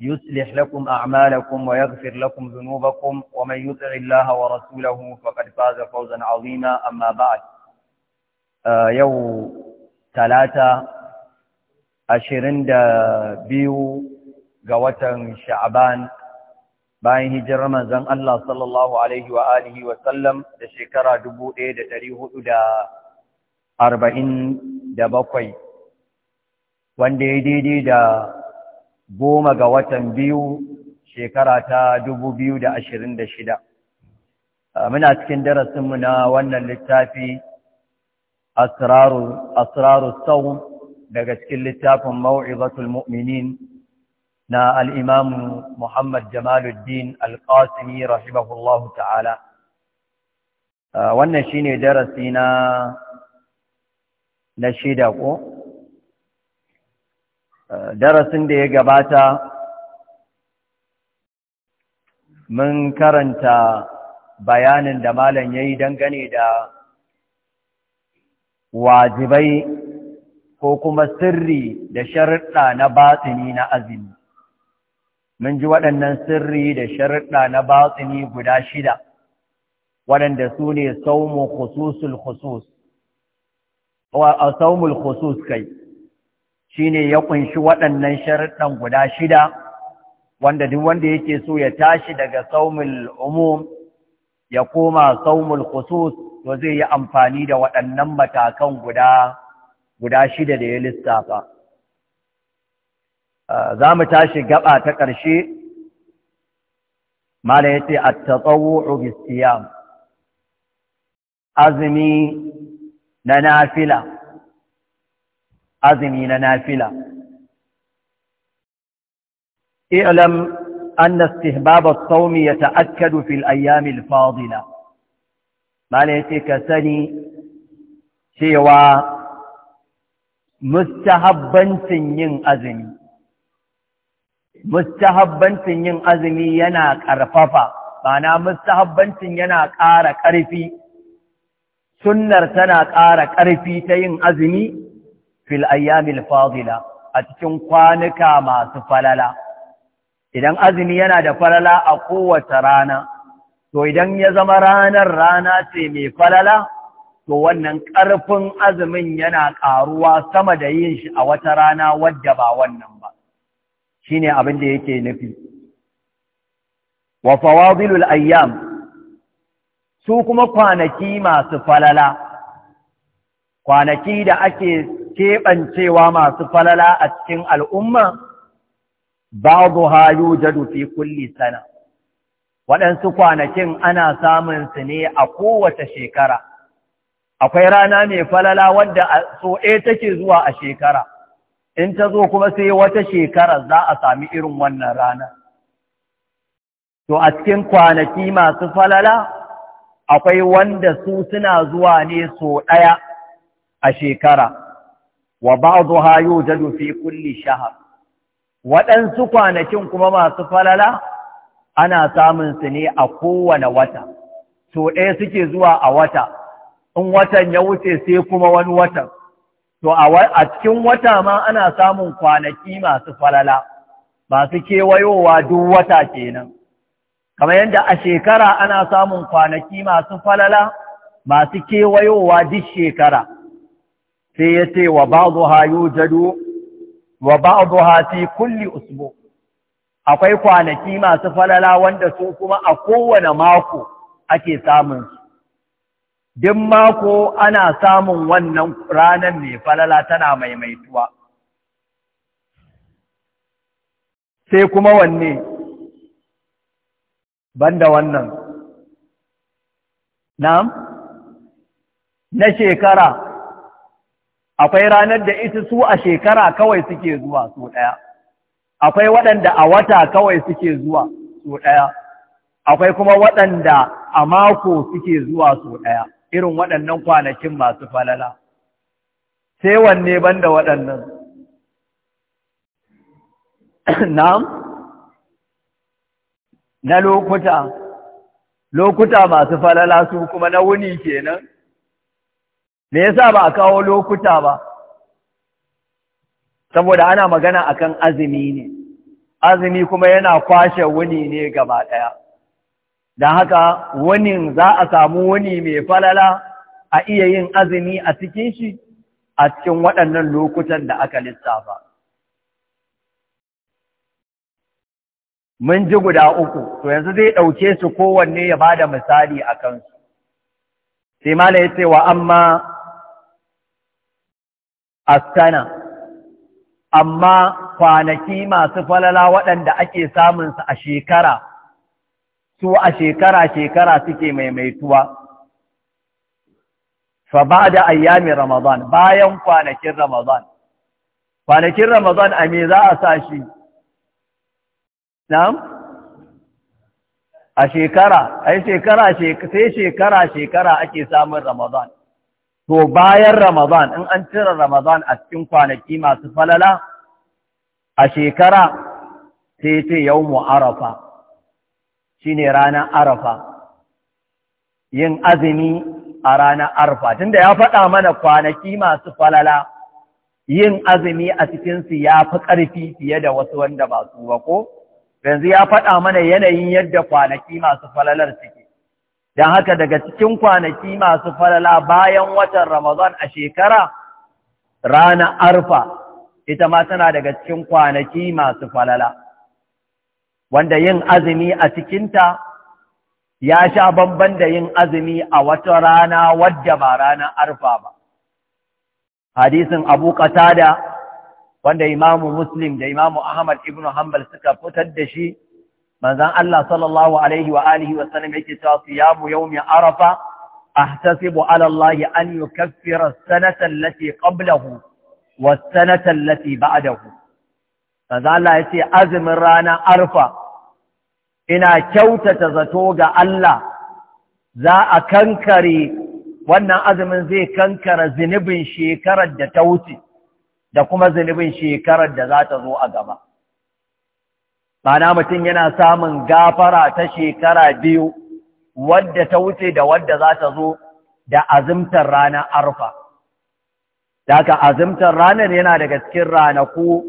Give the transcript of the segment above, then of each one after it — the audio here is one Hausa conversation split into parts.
يصلح لكم أعمالكم ويغفر لكم ذنوبكم ومن يطع الله ورسوله فقد فاز فوزا عظيما أما بعد آه يو ثلاثة أشرين بيو قوة شعبان bayan hijirar manzon Allah sallallahu alaihi wa alihi wa sallam da shekara bakwai, wanda ya daidai da goma ga watan biyu shekara ta dubu biyu da ashirin da shida. Muna cikin darasinmu na wannan littafi Asraru Sau daga cikin littafin Mau'izatul Mu'minin na al'imamu Muhammad Jamaluddin Alƙasimi rahimahullahu ta'ala. Wannan shi ne darasi na shida ko? darasin da ya gabata mun karanta bayanin da malam ya yi dangane da wajibai ko kuma sirri da sharuɗa na batsini na azumi mun ji waɗannan sirri da sharuɗa na batsini guda shida waɗanda su ne saumu khususul khusus saumul khusus kai Shi ne ya ƙunshi waɗannan sharuɗan guda shida wanda duk wanda yake so ya tashi daga saumul umum ya koma saumul khusus to zai yi amfani da waɗannan matakan guda guda shida da ya lissafa za mu tashi gaba ta ƙarshe mala ya ce at-tatawwu azumi na nafila azumi na nafila i'lam anna istihbab as-sawm yata'akkadu fil ayyam al-fadila malai ce ka sani cewa mustahabbancin yin azumi mustahabbancin yin azumi yana ƙarfafa ma'ana mustahabbancin yana ƙara ƙarfi sunnar tana ƙara ƙarfi ta yin azumi fil ayyamil fadila a cikin kwanuka masu falala idan azumi yana da falala a kowace rana to idan ya zama ranar rana ce mai falala to wannan ƙarfin azumin yana ƙaruwa sama da yin shi a wata rana wadda ba wannan ba shine abin da yake nufi wa fawadilul ayyam su kuma kwanaki masu falala kwanaki da ake keɓancewa masu falala a cikin al'umma, ba ha da fi kulli sana. Waɗansu kwanakin ana samun su ne a kowace shekara. Akwai rana mai falala wadda so ɗaya take zuwa a shekara, in ta zo kuma sai wata shekara za a sami irin wannan rana. To a cikin kwanaki masu falala, akwai wanda su suna zuwa ne so ɗaya a shekara. wa ba'dha yujadu fi kulli shahr waɗansu kwanakin kuma masu falala ana samun su ne a kowane wata to ɗaya suke zuwa a wata in watan ya wuce sai kuma wani watan to a cikin wata ma ana samun kwanaki masu falala masu kewayowa duk wata kenan kamar yadda a shekara ana samun kwanaki masu falala masu kewayowa duk shekara sai ya ce wa yi jado wa ha fi kulli usbu akwai kwanaki masu falala wanda su kuma a kowane mako ake samun su Din mako ana samun wannan ranar mai falala tana maimaituwa sai kuma wanne banda wannan na shekara akwai ranar da ita su a shekara kawai suke zuwa su ɗaya akwai waɗanda a wata kawai suke zuwa su ɗaya akwai kuma waɗanda a mako suke zuwa su ɗaya irin waɗannan kwanakin masu falala sai wanne banda waɗannan na'am na lokuta lokuta masu falala su kuma na wuni kenan me yasa ba a kawo lokuta ba saboda ana magana akan azumi ne azumi kuma yana kwashe wuni ne gaba ɗaya dan haka wunin za a samu wuni mai falala a iya yin azumi a cikin shi a cikin waɗannan lokutan da aka lissafa mun ji guda uku to yanzu zai ɗauke su kowanne ya ba da misali a kansu sai mala ya ce wa amma asana amma kwanaki masu falala waɗanda ake samunsa a shekara su a shekara-shekara suke maimaituwa fa ba da ayyamin ramadan bayan kwanakin ramadan kwanakin ramadan a me za a sa shi Nam? a shekara ai shekara sai shekara shekara ake samun ramadan to bayan Ramadan in an cire Ramadan a cikin kwanaki masu falala a shekara sai ce mu arafa Shi ne ranar arafa yin azumi a ranar arafa tunda ya faɗa mana kwanaki masu falala yin azumi a cikinsu ya fi ƙarfi fiye da wasu wanda ba su ba ko yanzu ya faɗa mana yanayin yadda kwanaki masu falalar suke don haka daga cikin kwanaki masu falala bayan watan Ramadan a shekara rana arfa ita ma tana daga cikin kwanaki masu falala wanda yin azumi a cikinta ya sha bamban da yin azumi a wata rana wadda ba ranar arfa ba hadisin abu qatada wanda imamu muslim da imamu ahmad ibn hanbal suka fitar da shi manzan Allah sallallahu alaihi wa alihi wa yake cewa siyamu yawmi arafa ahtasibu ala Allah an yukaffira as-sanata allati qablahu was-sanata allati ba'dahu manzon Allah yace azumin rana arfa ina kyautata zato ga Allah za a kankare wannan azumin zai kankara zinubin shekarar da ta wuce da kuma zinubin shekarar da za ta zo a gaba Mana mutum yana samun gafara ta shekara biyu wadda ta wuce da wadda za ta zo da azimtar ranar arfa. Daka azimtar ranar yana daga cikin ranaku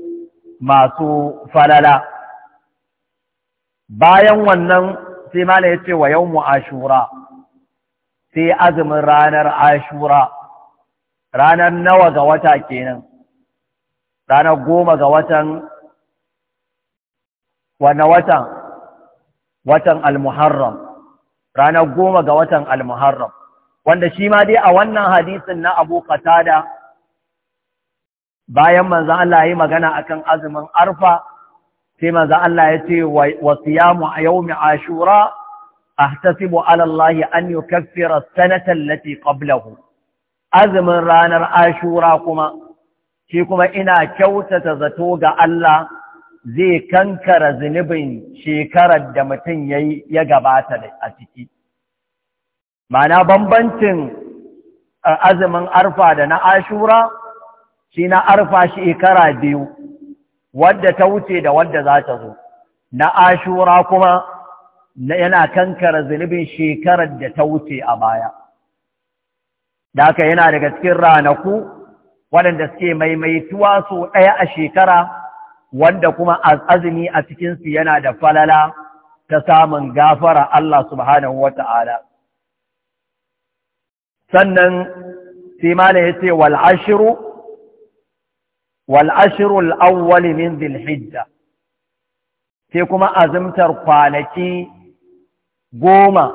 masu falala. Bayan wannan sai mala ya ce wa yau mu ashura, sai azumin ranar ashura, ranar nawa ga wata kenan, ranar goma ga watan wane watan watan al-muharram ranar goma ga watan al-muharram wanda shi ma dai a wannan hadisin na Abu da bayan manzo Allah ya yi magana akan azumin Arfa sai manzo Allah ya ce wa siyamu yawmi Ashura ahtasibu ala Allah an yukaffira as-sanata allati qablahu azumin ranar Ashura kuma shi kuma ina kyautata zato ga Allah zai kankara zunubin shekarar da mutum ya gabata a ciki. Mana bambancin azumin arfa da na ashura, shi na arfa shekara biyu, wadda ta wuce da wadda za ta zo. Na ashura kuma yana kankara zunubin shekarar da ta wuce a baya. daka yana daga cikin ranaku waɗanda suke maimaituwa sau ɗaya a shekara wanda kuma azumi a cikinsu yana da falala ta samun gafara Allah subhanahu wa ta'ala. Sannan, Simana ya ce, Wal'ashiru, wal'ashiru al'awwali min zilhijja, sai kuma azumtar kwanaki goma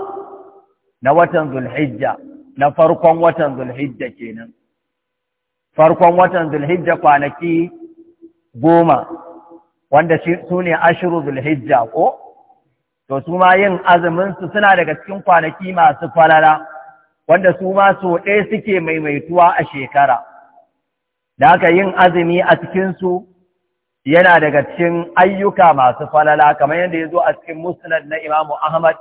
na watan zulhijja, na farkon watan zulhijja kenan. Farkon watan zulhijja kwanaki goma wanda su ne ashiru zulhijja ko to su ma yin azuminsu suna daga cikin kwanaki masu falala wanda su ma so ɗaya suke maimaituwa a shekara da haka yin azumi a cikinsu yana daga cikin ayyuka masu falala kamar yadda ya zo a cikin musnad na imamu ahmad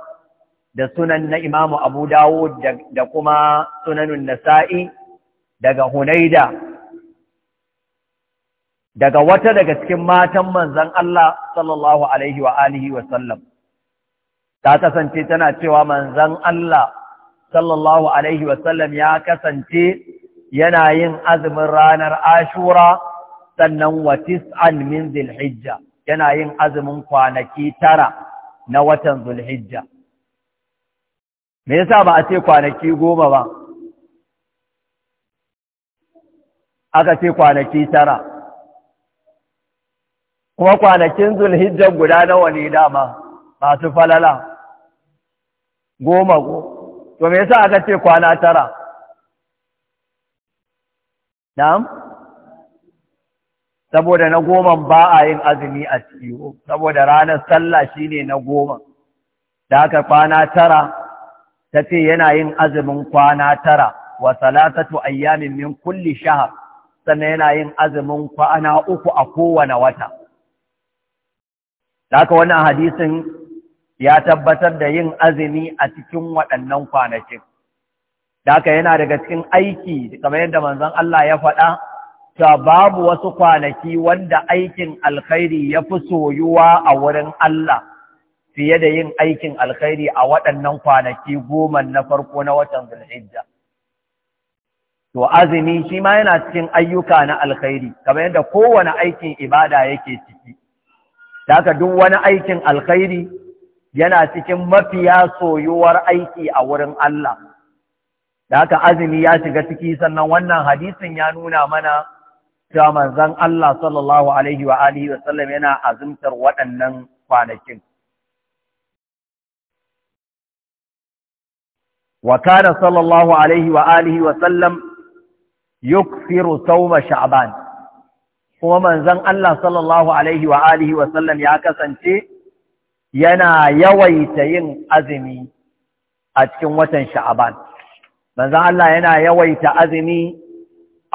da sunan na imamu abu dawud da kuma sunanun nasa'i daga hunaida daga wata daga cikin matan manzan Allah sallallahu alaihi wa alihi wa sallam ta kasance tana cewa manzan Allah sallallahu alaihi wa sallam ya kasance yana yin azumin ranar Ashura sannan wa tis'an min Zulhijja yana yin azumin kwanaki tara na watan Zulhijja me yasa ba a ce kwanaki goma ba aka ce kwanaki tara kuma kwanakin zulhijjar guda nawa ne dama masu falala goma go to me yasa aka ce kwana tara na'am saboda na goma ba a yin azumi a ciwo saboda ranar sallah shine na goma da aka kwana tara ta ce yana yin azumin kwana tara wa salatatu ayyamin min kulli shahar sannan yana yin azumin kwana uku a kowane wata laka wannan hadisin ya tabbatar da yin azumi a cikin waɗannan kwanakin. aka yana daga cikin aiki kamar yadda manzon Allah ya faɗa cewa babu wasu kwanaki wanda aikin alkhairi ya fi soyuwa a wurin Allah fiye da yin aikin alkhairi a waɗannan kwanaki goma na farko na watan Zulhijja. To azumi shi ma yana cikin ayyuka na alkhairi kamar yadda kowane aikin ibada yake ciki. da haka duk wani aikin alkhairi yana cikin mafiya soyuwar aiki a wurin Allah da haka azumi ya shiga ciki sannan wannan hadisin ya nuna mana cewa manzon Allah sallallahu alaihi wa alihi wa sallam yana azumtar waɗannan kwanakin wa kana sallallahu alaihi wa alihi wa sallam yukfiru sawma sha'ban kuma manzon Allah sallallahu alaihi wa alihi wa sallam ya kasance yana yawaita yin azumi a cikin watan Sha'aban manzon Allah yana yawaita azumi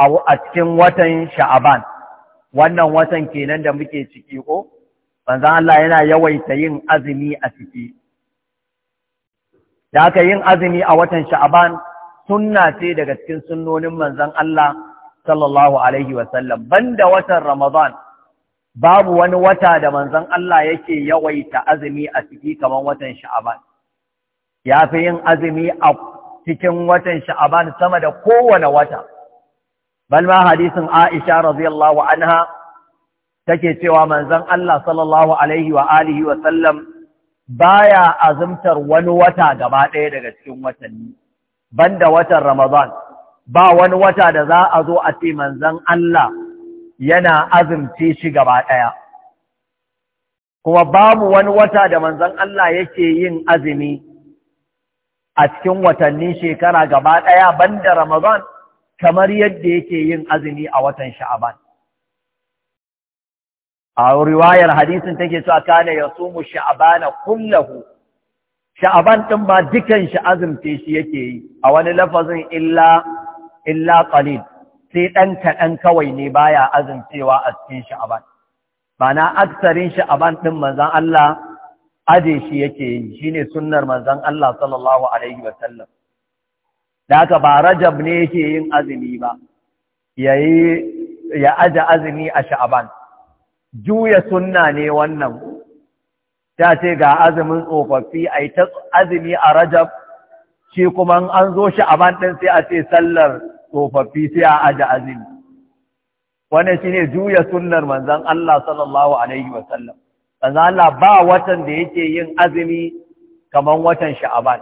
a cikin watan Sha'aban wannan watan kenan da muke ciki ko manzon Allah yana yawaita yin azumi a ciki da aka yin azumi a watan Sha'aban sunna ce daga cikin sunnonin manzon Allah sallallahu alaihi wasallam banda watan Ramadan babu wani wata da manzon Allah yake yawaita azumi a ciki kamar watan Sha'aban ya fi yin azumi a cikin watan Sha'aban sama da kowane wata balma ma hadisin Aisha radiyallahu anha take cewa manzon Allah sallallahu alaihi wa alihi wa sallam baya azumtar wani wata gaba ɗaya daga cikin watanni banda watan Ramadan ba wani wata da za a zo a ce manzan Allah yana azumce shi gaba ɗaya. Kuma babu wani wata da manzan Allah yake yin azumi a cikin watannin shekara gaba ɗaya banda Ramadan kamar yadda yake yin azumi a watan Sha'aban. A riwayar hadisin take cewa kana mu sha'abana kullahu sha'aban ɗin ba dukan shi azumce shi yake yi a wani lafazin illa illa qalil sai ɗan kaɗan kawai ne baya azumcewa a cikin sha'aban Bana aksarin sha'aban ɗin manzon Allah aje shi yake yi shine sunnar manzon Allah sallallahu alaihi wasallam da haka ba rajab ne yake yin azumi ba yayi ya aje azumi a sha'aban juya sunna ne wannan ta ce ga azumin tsofaffi a yi ta azumi a rajab shi kuma an zo shi a ɗin sai a ce sallar tsofaffi sai a aji azumi shi shine juya sunnar Manzan Allah sallallahu alaihi wasallam Manzan Allah ba watan da yake yin azumi kaman watan sha'aban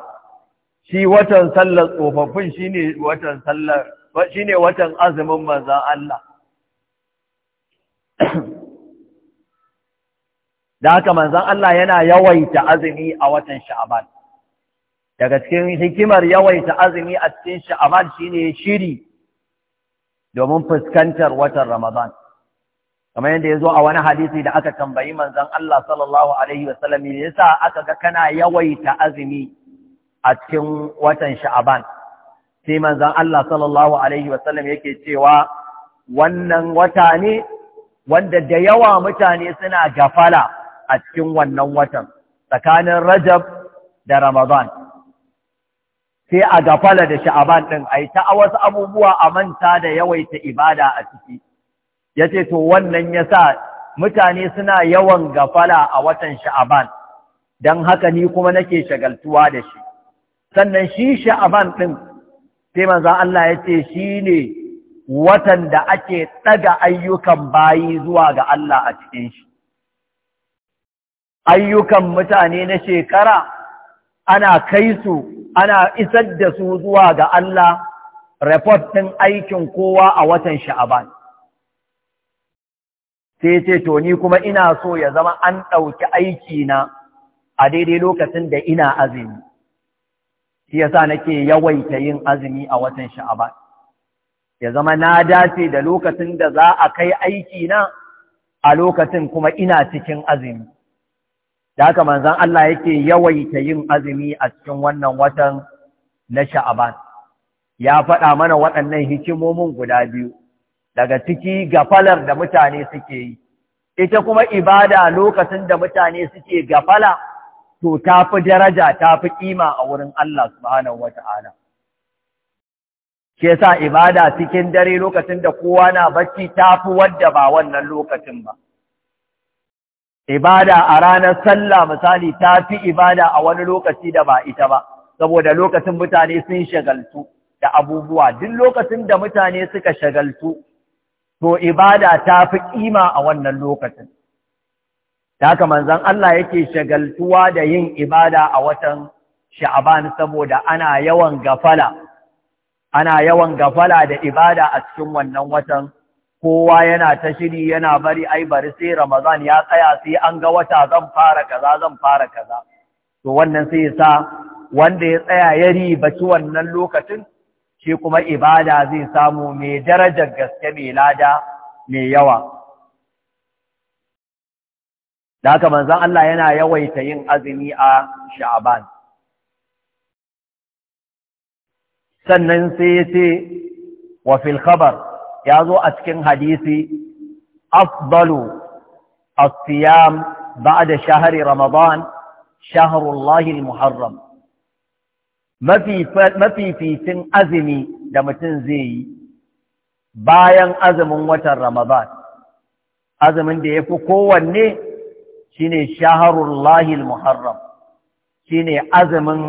shi watan sallar tsofaffin shine watan sallar ne watan azumin Manzan Allah da haka manzan Allah yana yawaita azumi a watan sha'aban daga cikin hikimar yawaita azumi a cikin sha'aban shine shiri domin fuskantar watan Ramadan kamar yadda ya zo a wani hadisi da aka tambayi manzon Allah sallallahu alaihi yasa aka ga kana yawaita azumi a cikin watan sha'aban sai manzon Allah sallallahu alaihi wasallam yake cewa wannan wata ne wanda da yawa mutane suna gafala a cikin wannan watan tsakanin Rajab da Ramadan sai a gafala da sha'aban ɗin a yi ta wasu abubuwa a manta da yawaita ibada a ciki ya ce to wannan ya sa mutane suna yawan gafala a watan sha'aban don haka ni kuma nake shagaltuwa da shi sannan shi sha'aban ɗin sai manza Allah ya ce shi ne watan da ake ɗaga ayyukan bayi zuwa ga Allah a cikin shi ayyukan mutane na shekara ana kai su ana isar da su zuwa ga Allah report ɗin aikin kowa a watan sha'aban sai ce to ni kuma ina so ya zama an ɗauki aiki na a daidai lokacin da ina azumi shi yasa nake yawaita yin azumi a watan sha'aban ya zama na dace da lokacin da za a kai aiki na a lokacin kuma ina cikin azumi da haka manzon Allah yake yawaita yin azumi a cikin wannan watan na Sha'aban ya faɗa mana waɗannan hikimomin guda biyu daga ciki gafalar da mutane suke yi ita kuma ibada lokacin da mutane suke gafala to tafi daraja tafi fi kima a wurin Allah subhanahu wata'ala ke ibada cikin dare lokacin da kowa na bacci tafi wadda ba wannan lokacin ba ibada a ranar sallah misali ta fi ibada a wani lokaci da ba ita ba saboda lokacin mutane sun shagaltu da abubuwa duk lokacin da mutane suka shagaltu to ibada ta fi ƙima a wannan lokacin da haka manzon Allah yake shagaltuwa da yin ibada a watan sha'aban saboda ana yawan gafala ana yawan gafala da ibada a cikin wannan watan kowa yana ta shiri yana bari ai bari sai Ramadan ya tsaya sai an ga wata zan fara kaza zan fara kaza to wannan sai ya sa wanda ya tsaya ya riba wannan lokacin shi kuma ibada zai samu mai darajar gaske mai lada mai yawa da haka manzon Allah yana yawaita yin azumi a Sha'aban sannan sai ya wa fil khabar ya zo a cikin hadisi afdalu asiyam siyam ba'da shahri ramadan shahrullahi al-muharram mafi azumi da mutum zai yi bayan azumin watan ramadan azumin da yafi kowanne shine shahrullahi al-muharram shine azumin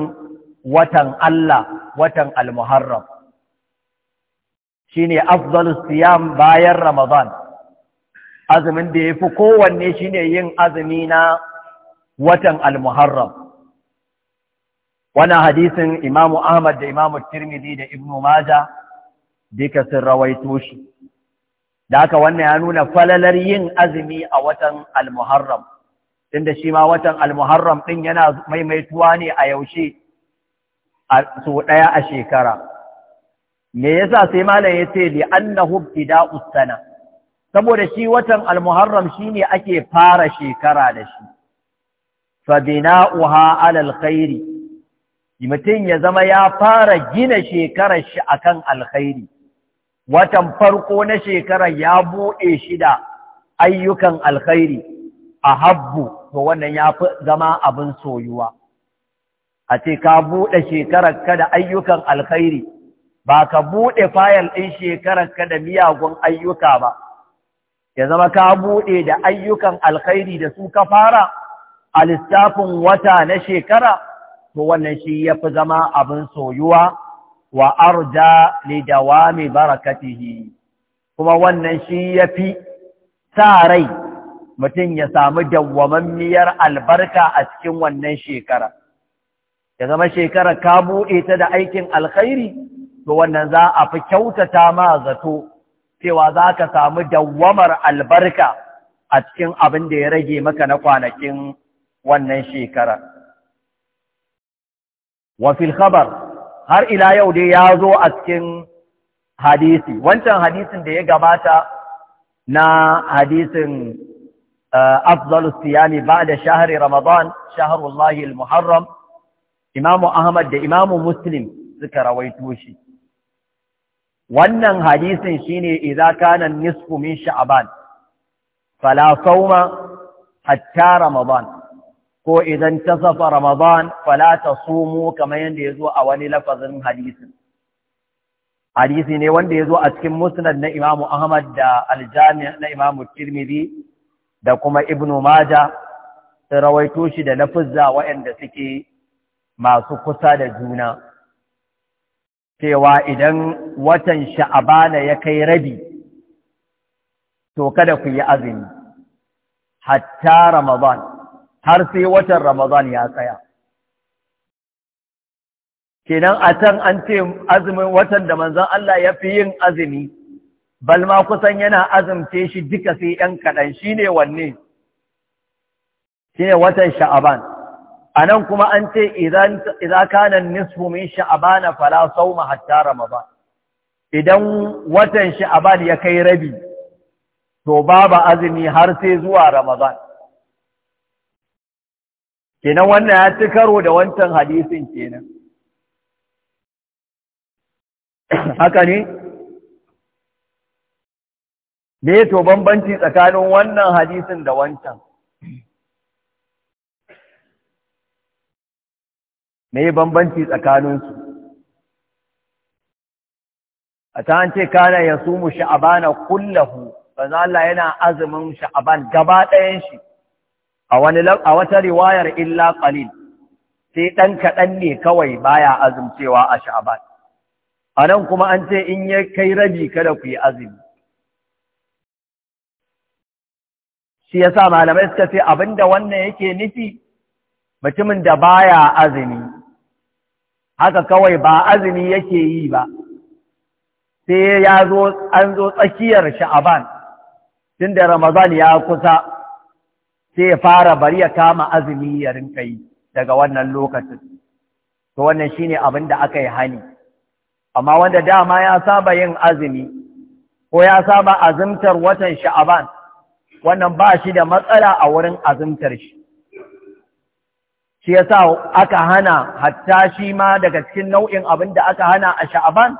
watan Allah watan al-muharram shine afdalus siyam bayan ramadan azumin da yafi kowanne shine yin azumi na watan al-muharram wannan hadisin Imam Ahmad da Imam Tirmidhi da Ibn Majah duka sun rawaito shi da haka wannan ya nuna falalar yin azumi a watan al-muharram tunda shi ma watan al-muharram din yana maimaituwa ne a yaushe a so daya a shekara me yasa sai malam yace li annahu ibtida'u sana saboda shi watan al-muharram shine ake fara shekara da shi fa bina'uha 'ala al-khairi mutum ya zama ya fara gina shekarar shi akan alkhairi watan farko na shekara ya bude shida ayyukan alkhairi ahabbu to wannan ya fi zama abin soyuwa a ce ka bude shekarar ka da ayyukan alkhairi ba ka buɗe fayil ɗin shekararka da miyagun ayyuka ba, ya zama ka buɗe da ayyukan alkhairi da su ka fara a lissafin wata na shekara, to wannan shi ya fi zama abin soyuwa wa arja li dawami barakatihi, kuma wannan shi ya fi sa rai mutum ya samu dawwamammiyar albarka a cikin wannan shekara. Ya zama shekarar ka buɗe ta da aikin alkhairi, to wannan za a fi kyautata ma zato cewa za ka samu dawwamar albarka a cikin abin da ya rage maka na kwanakin wannan shekara. Wafil khabar har ila yau dai ya zo a cikin hadisi, wancan hadisin da ya gabata na hadisin eh, afdal siyami ba da shahari Ramadan, shaharullahi al-Muharram, Imamu Ahmad da Imamu Muslim suka rawaito shi. wannan hadisin shine idza kana nisfu min sha'ban fala sawma hatta ramadan ko idan tasafa ramadan fala tasumu kamar yanda yazo a wani lafazin hadisin hadisi ne wanda ya zo a cikin musnad na Imam Ahmad da aljami' na Imam Tirmidhi da kuma ibnu maja sai rawaito shi da lafuzza waɗanda suke masu kusa da juna cewa idan watan sha'abana ya kai rabi to kada ku yi azumi hatta ramadan har sai watan ramadan ya tsaya kenan a can an ce azumin watan da manzon Allah ya fi yin azumi balma kusan yana azumce shi duka sai ‘yan kaɗan shi ne wanne shi ne watan sha'aban a nan kuma an ce idan kanan nisfu min sha'abana fala sauma hatta ramadan idan watan sha'aban ya kai rabi to babu azumi har sai zuwa ramadan kenan wannan ya ci karo da wancan hadisin kenan haka ne me to bambanci tsakanin wannan hadisin da wancan me bambanci tsakaninsu a ta an ce kana ya sha'aba na kullahu banza Allah yana azumin sha'aban gaba ɗayan shi a wata riwayar illa qalil sai ɗan kaɗan ne kawai baya azumcewa a sha'aban a nan kuma an ce in ya kai rabi kada ku yi azumi shi ya sa malamai suka ce abinda wannan yake nufi mutumin da baya azumi haka kawai ba azumi yake yi ba sai ya zo an zo tsakiyar sha'aban tun da ramadan ya kusa sai ya fara bari ya kama azumi ya rinka yi daga wannan lokacin to wannan shine abin da aka yi hani amma wanda dama ya saba yin azumi ko ya saba azumtar watan sha'aban wannan ba shi da matsala a wurin azumtar shi shi yasa aka hana hatta shi ma daga cikin nau'in abin da aka hana a sha'aban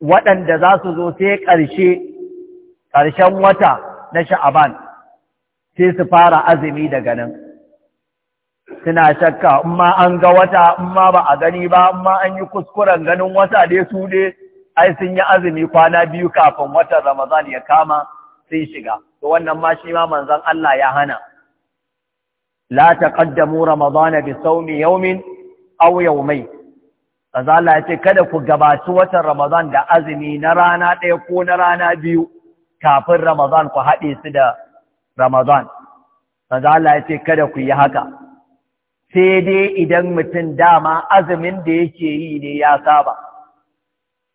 waɗanda za su zo sai ƙarshe ƙarshen wata na sha'aban sai su fara azumi daga nan suna shakka in ma an ga wata in ma ba a gani ba in ma an yi kuskuren ganin wata dai su dai ai sun yi azumi kwana biyu kafin watan Ramadan ya kama sun shiga to wannan ma shi ma manzon Allah ya hana la تقدموا رمضان bi يوم او يومين yawmay mai. Allah kada ku gabaci watan Ramadan da azumi na rana ɗaya ko na rana biyu kafin Ramadan ku haɗe su da Ramadan kaza Allah ya kada ku yi haka sai dai idan mutum dama azumin da yake yi ne ya saba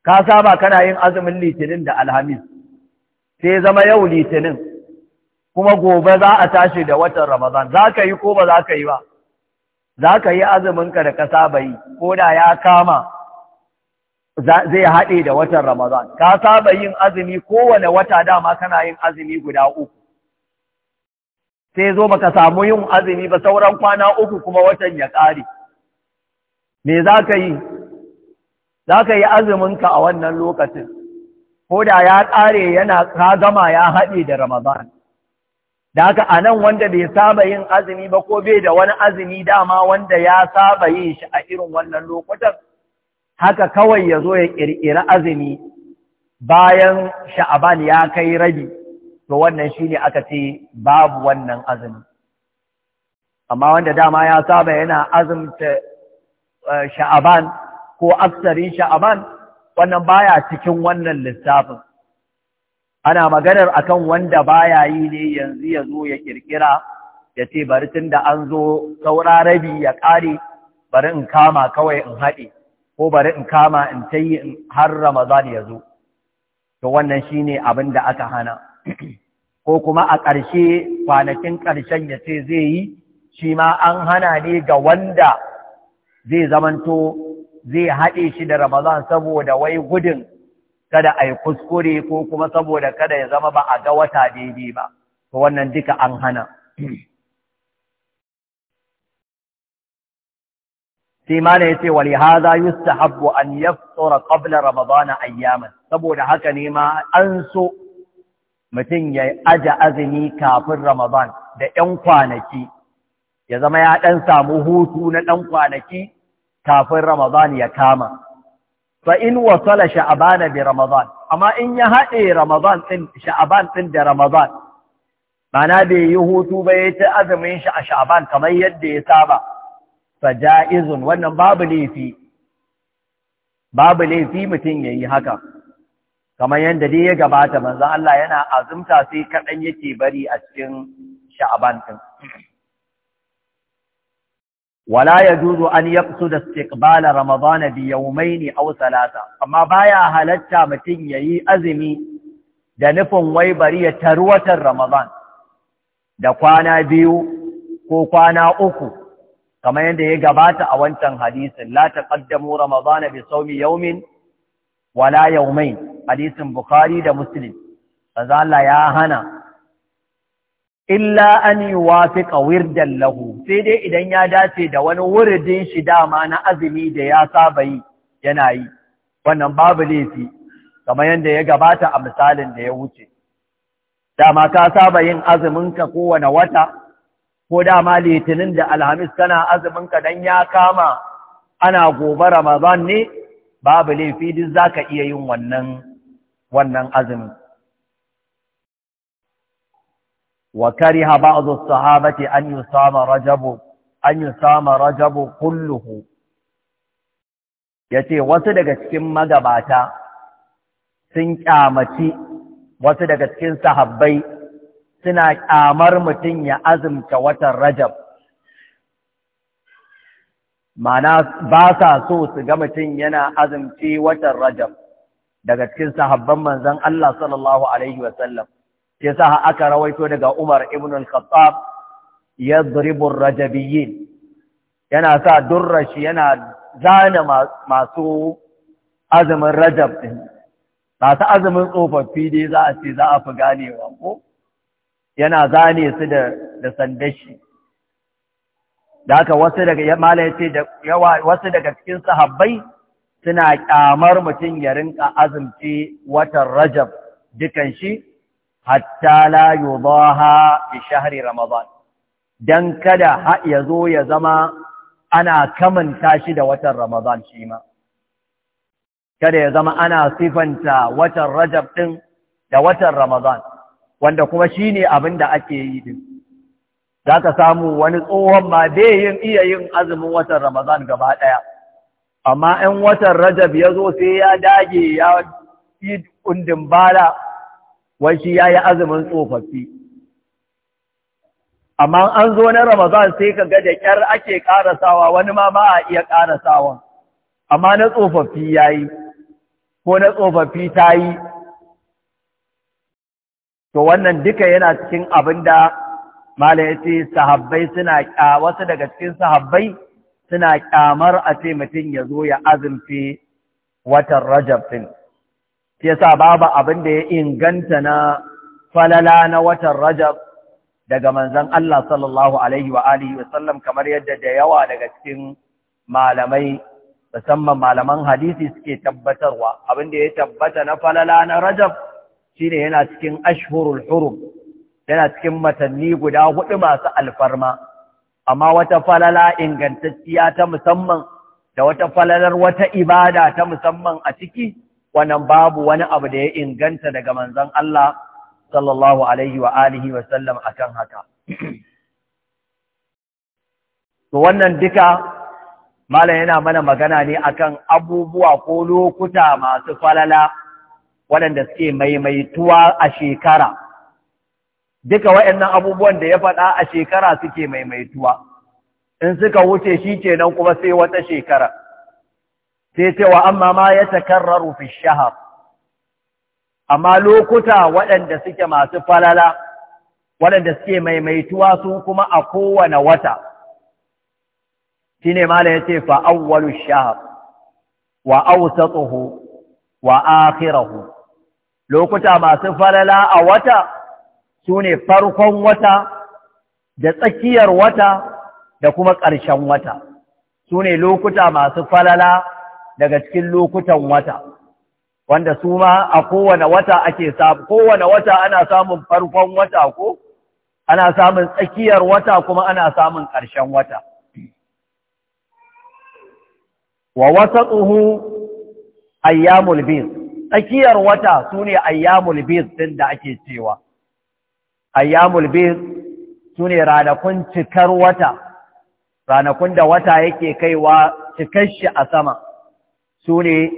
ka saba kana yin azumin litinin da alhamis sai zama yau litinin kuma gobe za a tashi da watan Ramadan za ka yi ko ba za ka yi ba za ka yi azuminka da kasa saba yi ko da ya kama zai haɗe da watan Ramadan ka saba yin azumi kowane wata dama kana yin azumi guda uku sai zo baka samu yin azumi ba sauran kwana uku kuma watan ya ƙare me za ka yi za ka yi azuminka a wannan lokacin ko da ya ƙare yana ka gama ya haɗe da Ramadan da haka a nan wanda bai saba yin azumi ba ko bai da wani azumi dama wanda ya saba yin shi a irin wannan lokutan haka kawai ya zo ya ƙirƙiri azumi bayan sha'aban ya kai rabi to wannan shi ne aka ce babu wannan azumi amma wanda dama ya saba yana azumta eh, sha'aban ko aksarin sha'aban wannan baya cikin wannan lissafin ana maganar akan wanda baya yi ne yanzu ya zo ya kirkira ya ce bari tun da an zo saura rabi ya ƙare bari in kama kawai in haɗe ko bari in kama in ta yi har ramazan ya zo to wannan shi ne abin da aka hana ko kuma a ƙarshe kwanakin ƙarshen ya ce zai yi shi ma an hana ne ga wanda zai zamanto zai haɗe shi da ramazan saboda wai gudun kada a yi kuskure ko kuma saboda kada ya zama ba a ga wata daidai ba, to wannan duka an hana. Sai ma ya ce, wali haza yusta an yaftura qabla Ramadana ayyaman, saboda haka ne ma an so mutum ya aja azumi kafin Ramadan da ‘yan kwanaki, ya zama ya ɗan samu hutu na ɗan kwanaki kafin Ramadan ya kama. fa in wasala sha'abana bi ramadan amma in ya haɗe ramadan ɗin sha'aban ɗin da ramadan mana bai yi hutu ba ya ta azumin shi a sha'aban kamar yadda ya saba fa ja'izun wannan babu laifi babu laifi mutum ya yi haka kamar yadda dai ya gabata manzan Allah yana azumta sai kaɗan yake bari a cikin sha'aban ɗin wala yajuzu an yaqsud istiqbal ramadan bi yawmayn ne ausalasa. amma baya halatta mutun yayi azumi da nufin wai bari ya tarwatar ramadan da kwana biyu ko kwana uku kamar yadda ya gabata a wancan hadisin la taqaddamu ramadana bi sawmi yawmin wala yawmayn hadisin bukhari da muslim manzo Allah ya hana illa an yi wafi wirdan lahu sai dai idan ya dace da wani wuridin shi dama na azumi da ya saba yi yana yi wannan babu laifi kamar yadda ya gabata a misalin da ya wuce dama ka saba yin azuminka kowane wata ko dama litinin da alhamis kana azuminka don ya kama ana gobe ramadan ne babu laifi duk zaka iya yin wannan wannan azumin وكره بعض الصحابة أن يصام رجب أن يصام رجب كله yace wasu daga cikin magabata sun kyamaci wasu daga cikin sahabbai suna kyamar mutum ya azumta watan Rajab mana ba sa so su ga mutum yana azumci watan Rajab daga cikin sahabban manzon Allah sallallahu alaihi sallam. sa aka rawaito daga Umar ibn al-Khattab ya ar rajabiyin yana sa durrashi yana zana masu azumin Rajab din masu azumin tsofaffi dai za a ce za a fi ganewa ko yana zane su da da sandashi da haka wasu daga mala ce da yawa wasu daga cikin sahabbai suna kyamar mutum ya rinka azumci watan Rajab dukan shi hatta la yudaha fi shahri ramadan dan kada ya zo ya zama ana kamanta shi da watan ramadan shi ma kada ya zama ana sifanta watan rajab din da watan ramadan wanda kuma shine abin da ake yi din zaka samu wani tsohon ma bai yin iya yin azumin watan ramadan gaba daya amma in watan rajab ya zo sai ya dage ya yi undin bala wai shi ya yi azumin tsofaffi amma an zo na ramazan sai ka ga da ƙyar ake ƙarasawa wani ma ba a iya ƙarasawa amma na tsofaffi ya yi ko na tsofaffi ta yi to wannan duka yana cikin abin da malam sahabbai suna ƙya wasu daga cikin sahabbai suna ƙyamar a ce mutum ya zo ya azumfe watan rajab ɗin yasa babu abin da ya inganta na falala na watan Rajab daga manzon Allah sallallahu alaihi wa alihi wa sallam kamar yadda da yawa daga cikin malamai musamman malaman hadisi suke tabbatarwa abin da ya tabbata na falala na Rajab shine yana cikin ashhurul hurum yana cikin matanni guda hudu masu alfarma amma wata falala ingantacciya ta musamman da wata falalar wata ibada ta musamman a ciki wannan babu wani abu da ya inganta daga manzon Allah sallallahu alaihi wa alihi wa sallam akan haka to wannan duka malam yana mana magana ne akan abubuwa ko lokuta masu falala waɗanda suke maimaituwa a shekara duka waɗannan abubuwan da ya faɗa a shekara suke maimaituwa in suka wuce shi kenan kuma sai wata shekara sai ce wa amma ma ya takarraru fi shahar amma lokuta waɗanda suke masu falala waɗanda suke maimaituwa su kuma a kowane wata shi ne mala ya ce fa'awwalu shahar wa ausatuhu wa akhirahu lokuta masu falala a wata su ne farkon wata da tsakiyar wata da kuma ƙarshen wata sune lokuta masu falala daga cikin lokutan wata wanda su ma a kowane wata ake samu kowane wata ana samun farkon wata ko ana samun tsakiyar wata kuma ana samun ƙarshen wata wa wasatuhu ayyamul bid tsakiyar wata sune ayyamul bid din da ake cewa ayyamul bid sune ranakun cikar wata ranakun da wata yake kaiwa cikar shi a sama su ne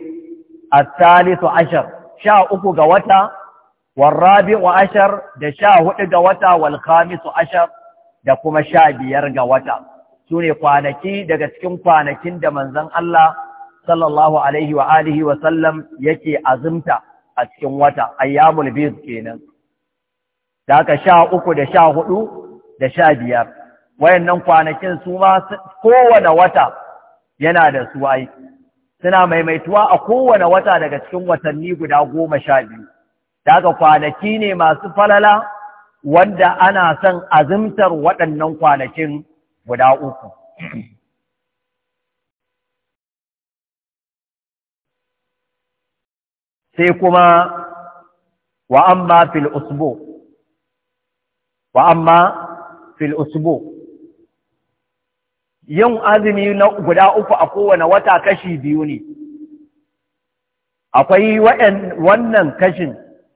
attalisu ashar sha uku ga wata warrabi'u ashar da sha hudu ga wata wal khamisu ashar da kuma sha biyar ga wata su ne kwanaki daga cikin kwanakin da manzon Allah sallallahu alaihi wa alihi wa sallam yake azumta a cikin wata ayyamul bid kenan da aka sha uku da sha hudu da sha biyar wayannan kwanakin su ma kowane wata yana da su ai suna maimaituwa a kowane wata daga cikin watanni guda goma sha biyu daga kwanaki ne masu falala wanda ana son azimtar waɗannan kwanakin guda uku sai kuma wa amma filusbo. yin azumi na guda uku a kowane wata kashi biyu ne akwai wannan kashin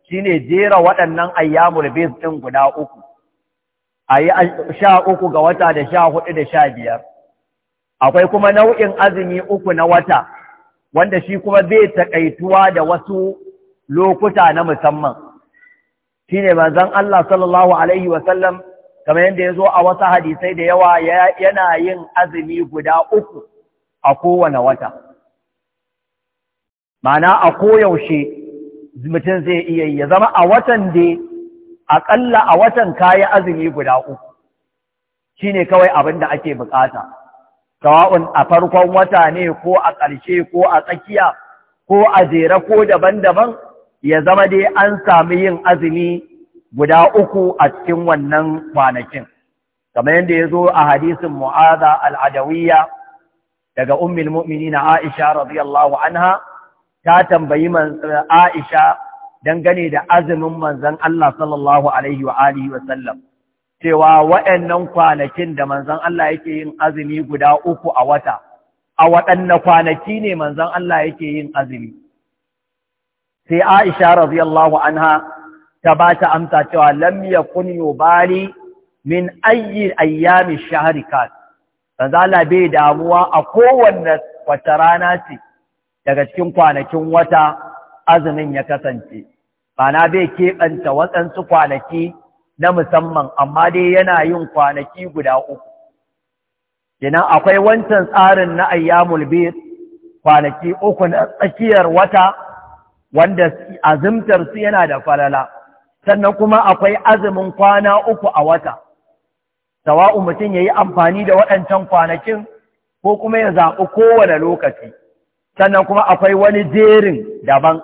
shine jera waɗannan ayyamul ɗin guda uku ayi sha uku ga wata da sha hudu da sha biyar akwai kuma nau'in azumi uku na wata wanda shi kuma zai takaituwa da wasu lokuta na musamman shine manzon Allah sallallahu alaihi wasallam kamar yadda ya zo a wasu hadisai da yawa yana yin azumi guda uku a kowane wata mana a koyaushe mutum zai iya yi ya zama a watan da aƙalla a watan kayi azumi guda uku shi ne kawai abin da ake bukata sawa'un a farkon wata ne ko a ƙarshe ko a tsakiya ko a jere ko daban-daban ya zama dai an sami yin azumi guda uku a cikin wannan kwanakin kamar yadda ya zo a hadisin mu'aza al'adawiyya daga ummin mu'minina Aisha radiyallahu anha ta tambayi Aisha dangane da azumin manzan Allah sallallahu alaihi wa alihi wa sallam cewa waɗannan kwanakin da manzan Allah yake yin azumi guda uku a wata a waɗanne kwanaki ne manzon Allah yake yin azumi sai Aisha radiyallahu anha ta ba ta amsa cewa lam yakun yubali min ayyi ayyami shahri kan bai damuwa a kowanne wata rana ce daga cikin kwanakin wata azumin ya kasance bana bai keɓanta waɗansu kwanaki na musamman amma dai yana yin kwanaki guda uku ina akwai wancan tsarin na ayyamul bir kwanaki uku na tsakiyar wata wanda azumtar su yana da falala sannan kuma akwai azumin kwana uku a wata sawa'u mutum ya yi amfani da waɗancan kwanakin ko kuma ya zaɓi kowane lokaci sannan kuma akwai wani jerin daban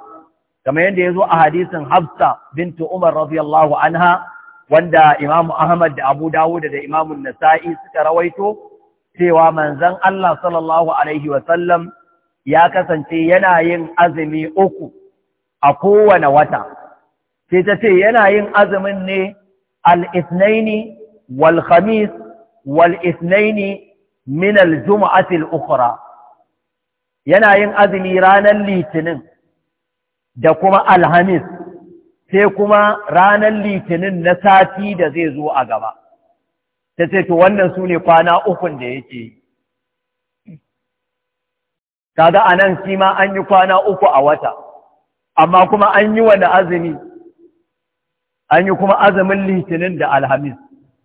kamar yadda ya zo a hadisin hafsa bintu umar radiyallahu anha wanda imamu ahmad da abu dawud da imamun nasa'i suka rawaito cewa manzon allah sallallahu alaihi wasallam ya kasance yana yin azumi uku a kowane wata sai ta ce yana yin azumin ne al-ithnaini wal khamis wal ithnaini min al-jum'ati al-ukhra yana yin azumi ranar litinin da kuma alhamis sai kuma ranar litinin na sati da zai zo a gaba ta ce to wannan su ne kwana ukun da yake yi kaga anan shi ma an yi kwana uku a wata amma kuma an yi wani azumi an yi kuma azumin litinin da alhamis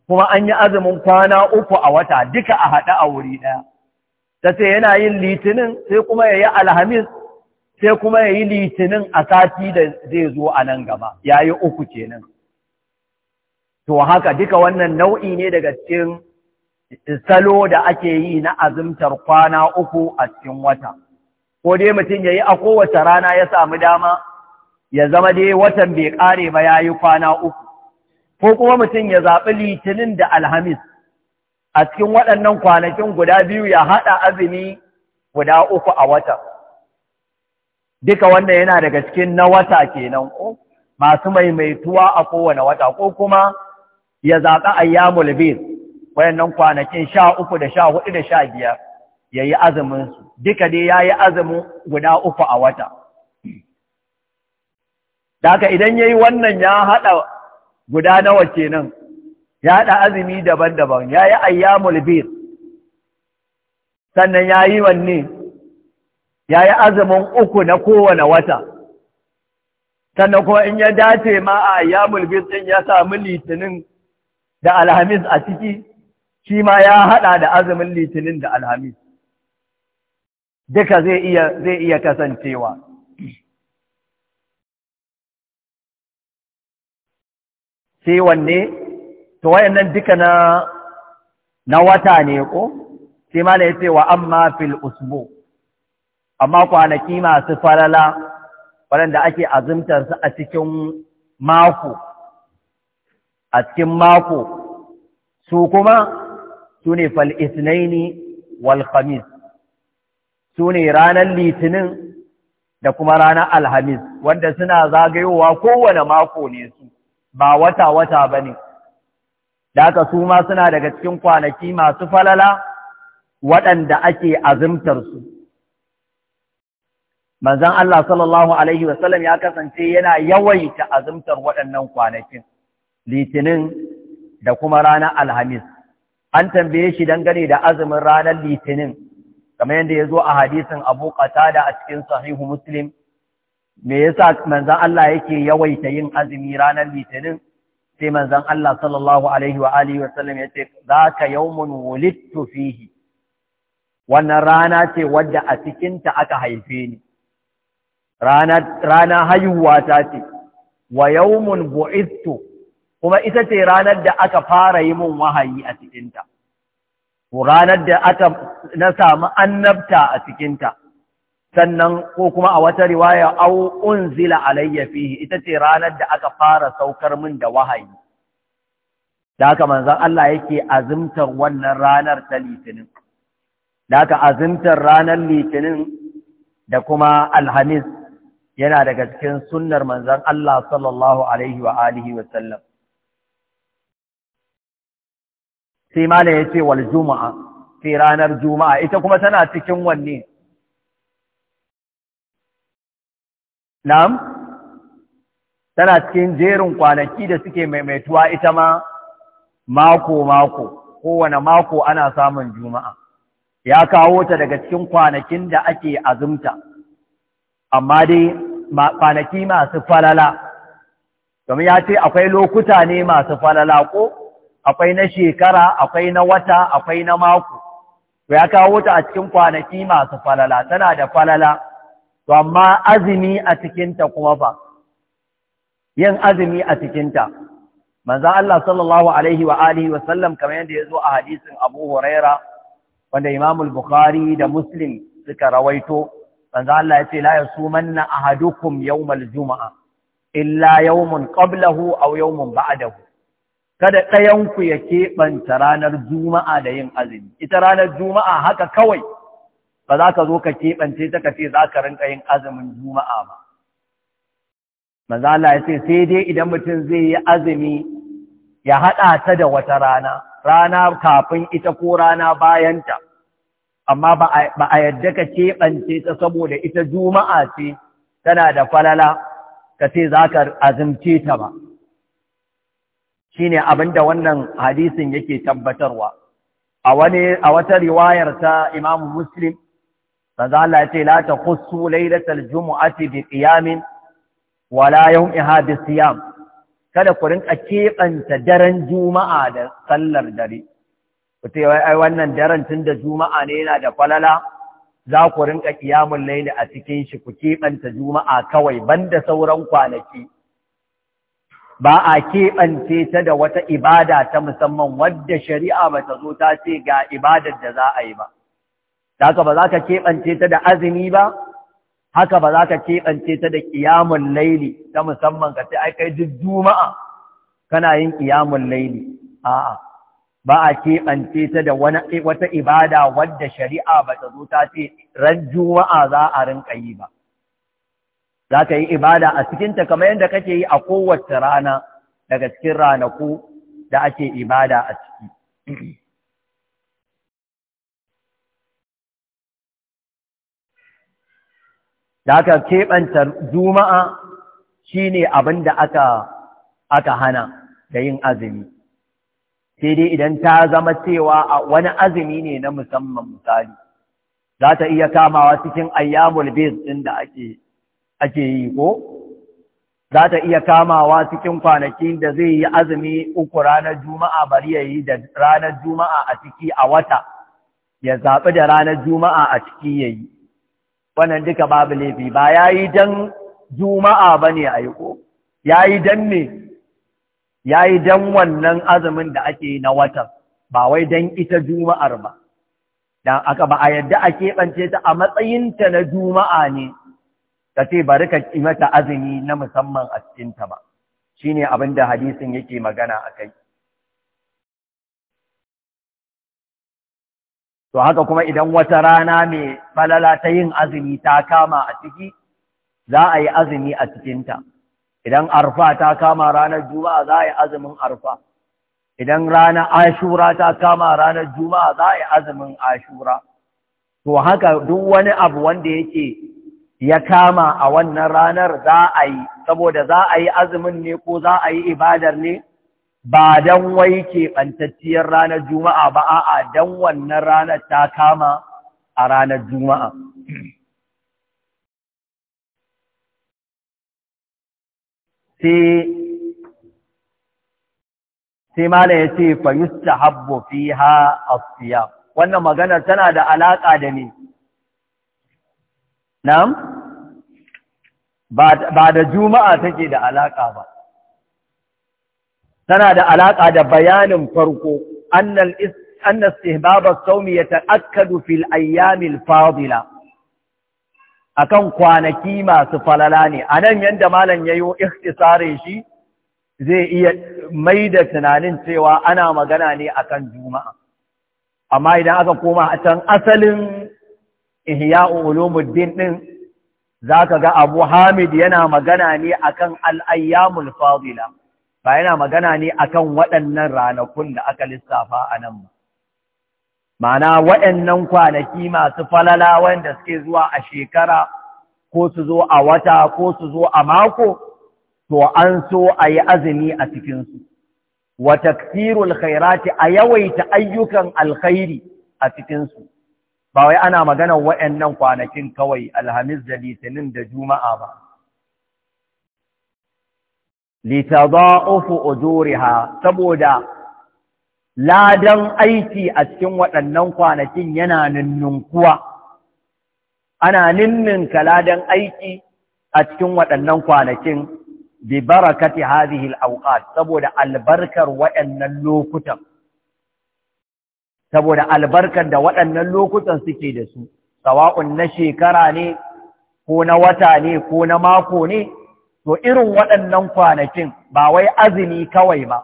kuma an yi azumin kwana uku a wata duka a haɗa a wuri ɗaya ta ce yana yin litinin sai kuma ya yi alhamis sai kuma ya yi litinin a sati da zai zo a nan gaba ya yi uku kenan to haka duka wannan nau'i ne daga cikin salo da ake yi na azumtar kwana uku a cikin wata ko dai mutum ya yi a kowace rana ya samu dama ya zama dai watan bai ƙare ba ya yi kwana uku, ko kuma mutum ya zaɓi litinin da alhamis a cikin waɗannan kwanakin guda biyu ya haɗa azumi guda uku a wata. Duka wannan yana daga cikin na wata kenan ko masu maimaituwa a kowane wata ko kuma ya zaɓi ayyamul bir wayannan kwanakin sha uku da sha hudu da sha biyar ya yi azuminsu duka dai ya yi azumin guda uku a wata. haka idan ya yi wannan ya haɗa guda nawa nan, ya haɗa azumi daban-daban ya yi ayyamul bir sannan ya yi wanne ya yi azumin uku na kowane wata sannan kuma in ya dace ma a ayyamul bir ɗin ya sami litinin da alhamis a ciki shi ma ya haɗa da azumin litinin da alhamis duka zai iya kasancewa sai wanne to wayannan duka na wata ne ko sai ma ya wa amma fil usbu amma kwanaki masu falala waɗanda ake azumtar su a cikin mako a cikin mako su kuma su ne fal isnaini wal su ranar litinin da kuma ranar alhamis wanda suna zagayowa kowane mako ne su ba wata-wata ba ne, da aka su ma suna daga cikin kwanaki masu falala waɗanda ake azimtarsu. Manzan Allah sallallahu Alaihi wasallam ya kasance yana yawaita azimtar waɗannan kwanakin, litinin da kuma ranar Alhamis. An tambaye shi dangane da azumin ranar litinin, kamar yadda ya zo a hadisin Abu da a cikin Sahihu Muslim. me yasa manzon Allah yake yawaita yin azumi ranar litinin sai manzon Allah sallallahu alaihi wa alihi wa sallam yace zaka yawmun wulidtu fihi wannan rana ce wadda a cikin ta aka haife ni rana rana haihuwa ta ce wa yawmun bu'ithtu kuma ita ce ranar da aka fara yi mun wahayi a cikin ta ranar da aka na samu annabta a cikin ta sannan ko kuma a wata riwaya au unzila alayya fihi ita ce ranar da aka fara saukar min da wahayi da haka manzon Allah yake azumtar wannan ranar ta litinin da haka azumtar ranar litinin da kuma alhamis yana daga cikin sunnar manzon Allah sallallahu alaihi wa alihi wa sallam sai mala yace wal juma'a sai ranar juma'a ita kuma tana cikin wanne na'am tana cikin jerin kwanaki da suke maimaituwa ita ma mako-mako kowane mako ana samun juma'a ya kawo ta daga cikin kwanakin da ake azumta amma dai kwanaki masu falala domin ya ce akwai lokuta ne masu falala ko akwai na shekara akwai na wata akwai na mako ya kawo ta a cikin kwanaki masu falala tana da falala to amma azumi a cikinta kuma fa yin azumi a cikinta manzon Allah sallallahu alaihi wa alihi wa sallam kamar yadda ya zo a hadisin Abu Huraira wanda Imam al-Bukhari da Muslim suka rawaito manzon Allah yace la yasumanna ahadukum yawmal juma'a illa yawmun qablahu aw yawmun ba'dahu kada ku ya keɓanta ranar juma'a da yin azumi ita ranar juma'a haka kawai ba za ka zo ka keɓance ta ka ce za ka rinka yin azumin juma'a ba mazala ya ce sai dai idan mutum zai yi azumi ya haɗa ta da wata rana rana kafin ita ko rana bayanta amma ba a yadda ka keɓance ta saboda ita juma'a ce tana da falala ka ce za ka azumce ta ba shi ne abinda wannan hadisin yake tabbatarwa a wata riwayar ta imamu muslim manzo Allah ya ce la taqussu laylatal jumu'ati bi qiyamin wala yawm ihadi siyam kada ku rinka keɓanta daren juma'a da sallar dare ku ce ai wannan daren tun da juma'a ne yana da falala za ku rinka qiyamul layli a cikin shi ku keɓanta juma'a kawai banda sauran kwanaki ba a keɓance ta da wata ibada ta musamman wadda shari'a ba ta zo ta ce ga ibadar da za a yi ba haka ba za ka keɓance ta da azumi ba haka ba za ka keɓance ta da ƙiyamun laili ta musamman ka ce ai duk juma'a kana yin ƙiyamun laili a'a ba a keɓance ta da wata ibada wadda shari'a ba ta zo ta ce ran juma'a za a rinka yi ba za ka yi ibada a cikinta kamar yadda kake yi a kowace rana daga cikin ranaku da ake ibada a ciki da aka keɓanta juma'a shi ne abin da aka, hana da yin azumi sai dai idan ta zama cewa wani azumi ne na musamman misali za ta iya kamawa cikin ayyamul base ɗin da ake, yi ko za ta iya kamawa cikin kwanakin da zai yi azumi uku ranar juma'a bari ya yi da ranar juma'a a ciki a wata ya zaɓi da ranar juma'a a ciki ya yi wannan duka babu laifi ba ya yi don juma'a ba ne a yi ko ya yi don ne? ya yi don wannan azumin da ake na watan ba wai don ita juma'ar ba don aka ba a yadda a keɓance ta a matsayinta na juma'a ne ka ce bari ka mata azumi na musamman a cikinta ba shi ne abin da hadisin yake magana a kai to haka kuma idan wata rana mai falala ta yin azumi ta kama a ciki za a yi azumi a cikinta idan arfa ta kama ranar juma'a za a yi azumin arfa idan rana ashura ta kama ranar juma'a za a yi azumin ashura to haka duk wani abu wanda yake ya kama a wannan ranar za a yi saboda za a yi azumin ne ko za a yi ibadar ne ba don wai keɓantacciyar ranar juma'a ba a'a dan wannan ranar ta kama a ranar juma'a sai mala ya ce fayusta habbo fi ha asiya wannan maganar tana da alaƙa da ne Nam? ba da juma'a take da alaƙa ba tana da alaƙa da bayanin farko annal annas istihbaba saumi yata'akkadu fil ayyamil fadila akan kwanaki masu falala ne anan yanda malam yayo ikhtisare shi zai iya mai da tunanin cewa ana magana ne akan juma'a amma idan aka koma a can asalin ihya'u ulumuddin din zaka ga Abu Hamid yana magana ne akan al-ayyamul fadila ba yana magana ne akan waɗannan ranakun da aka lissafa a nan ba ma'ana waɗannan kwanaki masu falala wanda suke zuwa a shekara ko su zo a wata ko su zo a mako to an so a yi azumi a cikinsu wa taksirul khairati a yawaita ayyukan alkhairi a cikinsu ba wai ana maganar waɗannan kwanakin kawai alhamis da litinin da juma'a ba litadha'ufu ujuriha saboda ladan aiki a cikin waɗannan kwanakin yana ninnunkuwa ana ninninka ladan aiki a cikin waɗannan kwanakin bi barakati hadhihi al-awqat saboda albarkar waɗannan lokutan saboda albarkar da waɗannan lokutan suke da su sawa'un na shekara ne ko na wata ne ko na mako ne To irin waɗannan kwanakin ba wai azumi kawai ba,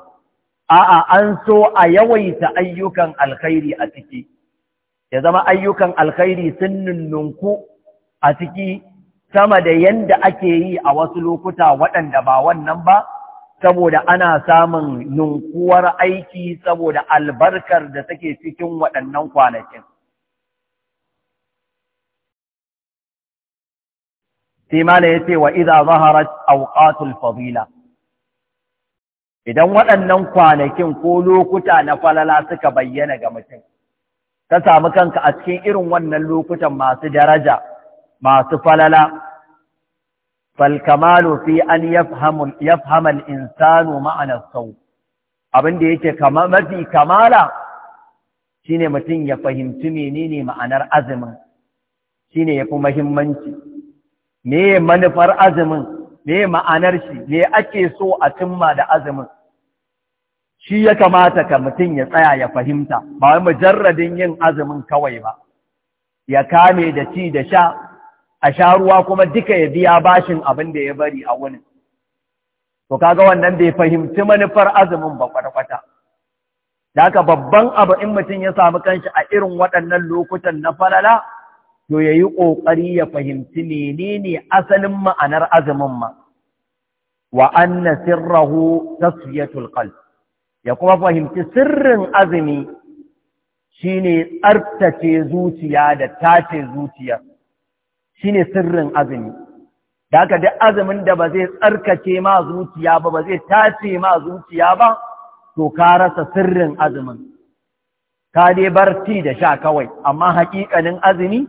a'a an so a yawaita ayyukan alkhairi a ciki, ya zama ayyukan alkhairi sun nunnunku a ciki sama da yanda ake yi a wasu lokuta waɗanda ba wannan ba, saboda ana samun nunkuwar aiki saboda albarkar da take cikin waɗannan kwanakin. sai mala ya ce wa iza zaharat auqatul fadila idan waɗannan kwanakin ko lokuta na falala suka bayyana ga mutum ka samu kanka a cikin irin wannan lokutan masu daraja masu falala Fal kamalu fi an yafhama al-insanu ma'ana sau abin da yake mafi kamala shine mutum ya fahimci menene ma'anar azumin shine yafi muhimmanci me manufar azumin me ma'anar shi me ake so a cimma da azumin shi ya kamata ka mutum ya tsaya ya fahimta ba wai mujarradin yin azumin kawai ba ya kame da ci da sha a sha ruwa kuma duka ya biya bashin abin da ya bari a wani to kaga wannan bai fahimci manufar azumin ba kwata-kwata da haka babban abu in mutum ya samu kanshi a irin waɗannan lokutan na falala to ya yi ƙoƙari ya fahimci menene asalin ma'anar azumin ma wa anna sirrahu tasfiyatul qalb ya kuma fahimci sirrin azumi shine tsartace zuciya da tace zuciya shine sirrin azumi da aka da azumin da ba zai tsarkace ma zuciya ba ba zai tace ma zuciya ba to ka rasa sirrin azumin ka dai bar da sha kawai amma haƙiƙanin azumi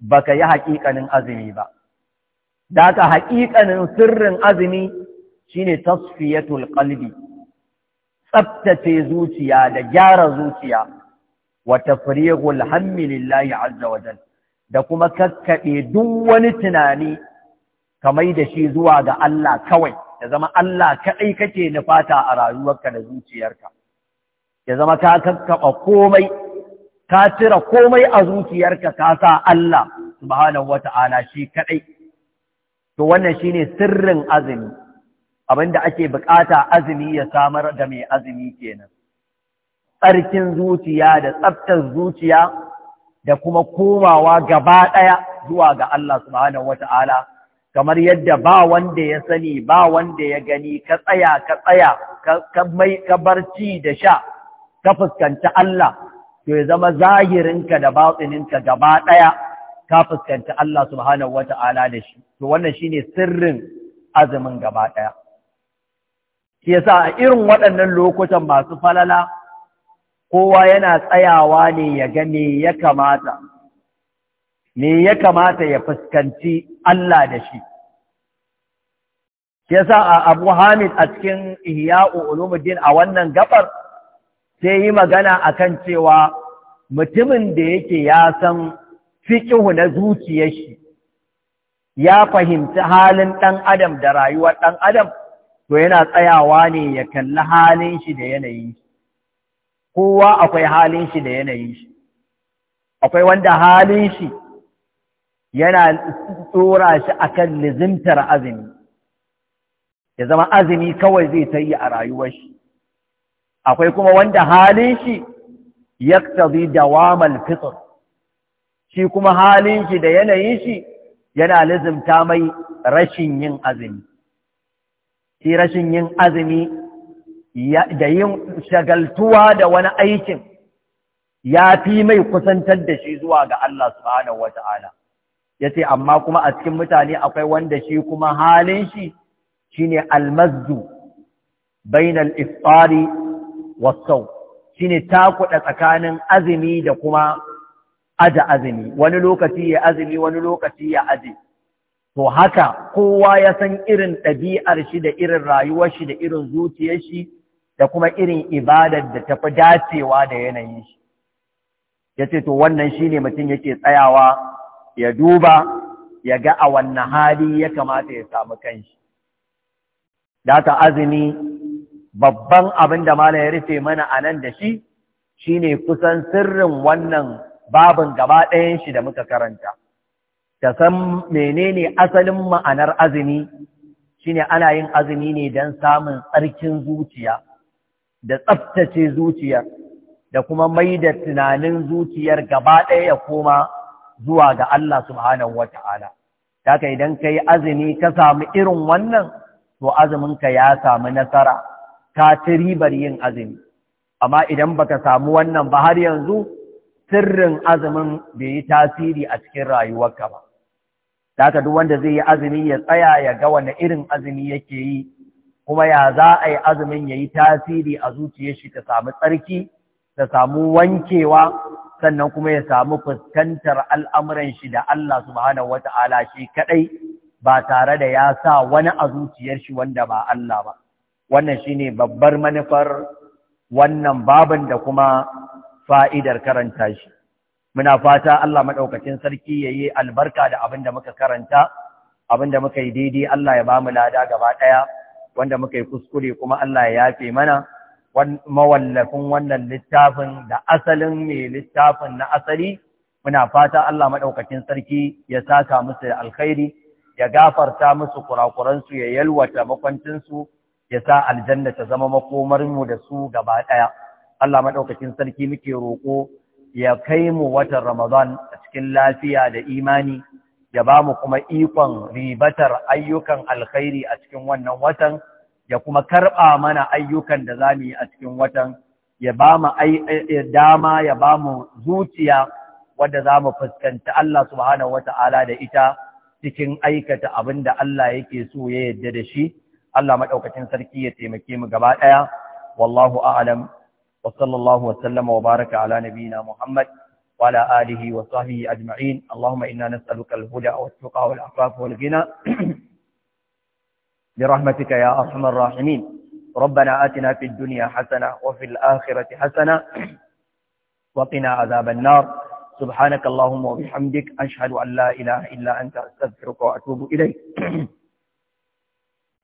baka yi haƙiƙanin azumi ba da ka haƙiƙanin sirrin azumi shine tasfiyatul ƙalbi tsaftace zuciya da gyara zuciya wata tafrighul hammi lillahi da kuma kakkaɓe duk wani tunani kamai da shi zuwa ga Allah kawai ya zama Allah kaɗai kake nufata a rayuwarka da zuciyarka ya zama ka kakkaɓa komai ka cire komai a zuciyarka ka sa Allah subhanahu wata'ala shi kadai to wannan shine sirrin azumi abinda ake bukata azumi ya samar da mai azumi kenan tsarkin zuciya da tsaftar zuciya da kuma komawa gaba daya zuwa ga Allah subhanahu wata'ala kamar yadda ba wanda ya sani ba wanda ya gani ka tsaya ka tsaya ka bar ci da sha ka fuskanci Allah to ya zama zahirinka da batsininka gaba ɗaya ka fuskanci Allah subhanahu wata'ala da shi to wannan shine sirrin azumin gaba ɗaya shi yasa a irin waɗannan lokutan masu falala kowa yana tsayawa ne ya ga me ya kamata me ya kamata ya fuskanci Allah da shi shi yasa a Abu Hamid a cikin Ihya'u Ulumuddin a wannan gabar sai yi magana a kan cewa mutumin da yake ya san fiƙihu na zuciyar shi ya fahimci halin ɗan adam da rayuwar ɗan adam to yana tsayawa ne ya kalli halin shi da yanayin shi kowa akwai halin shi da yanayi. shi akwai wanda halin shi yana tsora shi akan lizimtar azumi ya zama azumi kawai zai ta yi a rayuwar shi akwai kuma wanda halin shi ya yaktabi dawamal fitr shi kuma halin shi da yanayin shi yana lizimta mai rashin yin azumi shi rashin yin azumi da yin shagaltuwa da wani aikin ya fi mai kusantar da shi zuwa ga Allah subhanahu wata'ala ce amma kuma a cikin mutane akwai wanda shi kuma halin shi shine almazzu bainal iftari wasau shine takuɗa tsakanin azumi da kuma aja azumi wani lokaci ya azumi wani lokaci ya aje to haka kowa ya san irin ɗabi'ar shi da irin rayuwar shi da irin zuciyar shi da kuma irin ibadar da tafi dacewa da yanayin shi yace to wannan shine mutum yake tsayawa ya duba ya ga a wannan hali ya kamata ya samu kanshi da haka azumi babban abin da mala ya rufe mana a nan da shi shi ne kusan sirrin wannan babin gaba ɗayan shi da muka karanta ta san menene asalin ma'anar azumi shi ne ana yin azumi ne don samun tsarkin zuciya da tsaftace zuciyar da kuma mai da tunanin zuciyar gaba ɗaya ya koma zuwa ga Allah subhanahu ta'ala haka idan ka yi azumi ka samu irin wannan to azuminka ya samu nasara ka ci ribar yin azumi amma idan baka samu wannan ba har yanzu sirrin azumin bai yi tasiri a cikin rayuwarka ba Daka duk wanda zai yi azumi ya tsaya ya ga wani irin azumi yake yi kuma ya za a yi azumin ya yi tasiri a zuciyar shi ta samu tsarki ta samu wankewa sannan kuma ya samu fuskantar al'amuran shi da Allah subhanahu wata'ala shi kaɗai ba tare da ya sa wani a zuciyar shi wanda ba Allah ba. wannan shine babbar manufar wannan baban da kuma fa'idar karanta shi muna fata Allah maɗaukacin sarki yayi albarka da abin da muka karanta abin da muka yi daidai Allah ya bamu lada gaba ɗaya wanda muka yi kuskure kuma Allah ya yafe mana mawallafin wannan littafin da asalin mai littafin na asali muna fata Allah maɗaukacin sarki ya saka musu da alkhairi ya gafarta musu kurakuransu ya yalwata makwancinsu ya sa aljanna ta zama makomarmu da su gaba ɗaya. Allah maɗaukakin sarki muke roƙo ya kai mu watan Ramadan a cikin lafiya da imani, ya ba mu kuma ikon ribatar ayyukan alkhairi a cikin wannan watan, ya kuma karɓa mana ayyukan da za mu yi a cikin watan, ya ba mu dama, ya ba mu zuciya wadda za mu fuskanci Allah subhanahu wata'ala da ita cikin aikata abin da Allah yake so ya yadda da shi. Allah maɗaukacin sarki ya taimake mu gaba ɗaya, wallahu a’alam, wa sallallahu wa sallama baraka ala nabina Muhammad, wala ala alihi wa sahihi ajma’in, Allahumma ina na tsalukar huda a wasu ƙawar afafu wal gina, bi rahmatika ya asumar rahimin, rabbana atina fi duniya hasana wa fil akhirati hasana, wa qina azaban nar, subhanaka Allahumma wa bihamdik, an shahadu an la ilaha illa anta astaghfiruka wa atubu